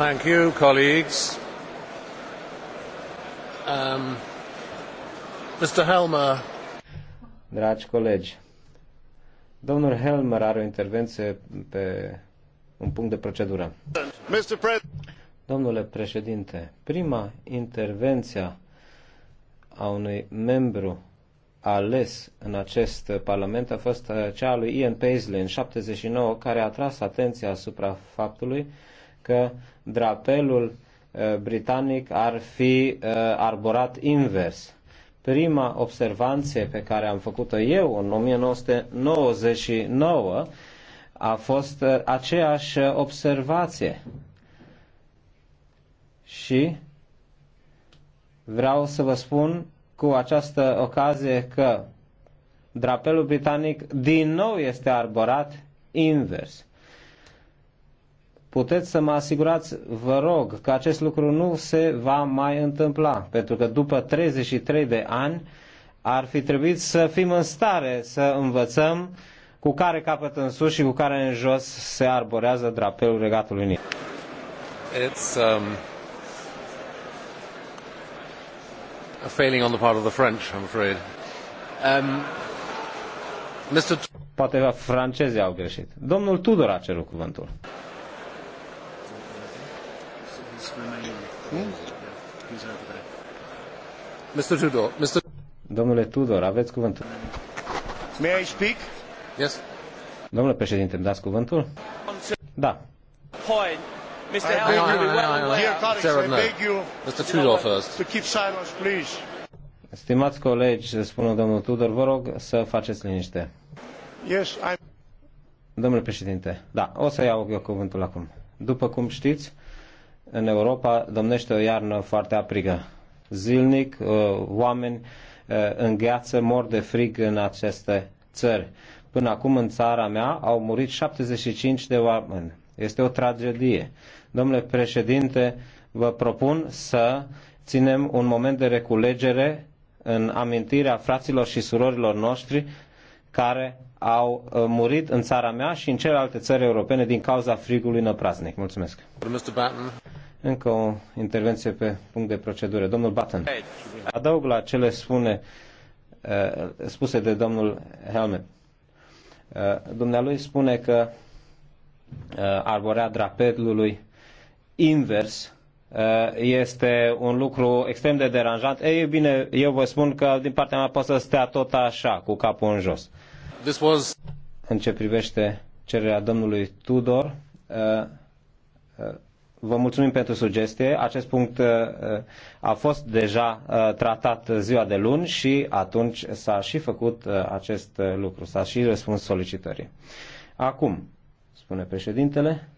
Thank you, colleagues. Um, Mr. Helmer. Dragi colegi, domnul Helmer are o intervenție pe un punct de procedură. Mr. Pre- Domnule președinte, prima intervenție a unui membru ales în acest parlament a fost cea a lui Ian Paisley în 79, care a tras atenția asupra faptului că drapelul uh, britanic ar fi uh, arborat invers. Prima observanție pe care am făcut-o eu în 1999 a fost uh, aceeași observație. Și vreau să vă spun cu această ocazie că drapelul britanic din nou este arborat invers puteți să mă asigurați, vă rog, că acest lucru nu se va mai întâmpla, pentru că după 33 de ani ar fi trebuit să fim în stare să învățăm cu care capăt în sus și cu care în jos se arborează drapelul Regatului Unit. It's um, a failing on the part of the French, I'm afraid. Um, Mr. Poate francezii au greșit. Domnul Tudor a cerut cuvântul. Mr. Tudor, Mr. Domnule Tudor, aveți cuvântul. May I speak? Yes. Domnule președinte, îmi dați cuvântul? Da. Point. Mr. I Tudor first. To keep silence, please. Stimați colegi, spune domnul Tudor, vă rog să faceți liniște. Yes, I'm... Domnule președinte, da, o să iau eu cuvântul acum. După cum știți, în Europa domnește o iarnă foarte aprigă. Zilnic, uh, oameni uh, îngheață, mor de frig în aceste țări. Până acum în țara mea au murit 75 de oameni. Este o tragedie. Domnule președinte, vă propun să ținem un moment de reculegere în amintirea fraților și surorilor noștri care au uh, murit în țara mea și în celelalte țări europene din cauza frigului năpraznic. Mulțumesc! Mr. Batten, încă o intervenție pe punct de procedură. Domnul Button. adaug la cele spune, uh, spuse de domnul Helmet. Uh, dumnealui spune că uh, arborea drapelului invers este un lucru extrem de deranjant. Ei bine, eu vă spun că din partea mea poate să stea tot așa, cu capul în jos. This was... În ce privește cererea domnului Tudor, Vă mulțumim pentru sugestie. Acest punct uh, a fost deja uh, tratat ziua de luni și atunci s-a și făcut uh, acest lucru, s-a și răspuns solicitării. Acum, spune președintele,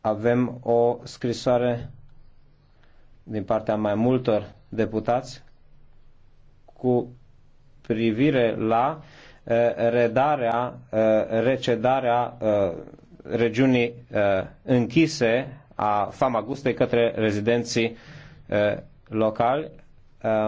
avem o scrisoare din partea mai multor deputați cu privire la redarea, recedarea regiunii închise a Famagustei către rezidenții locali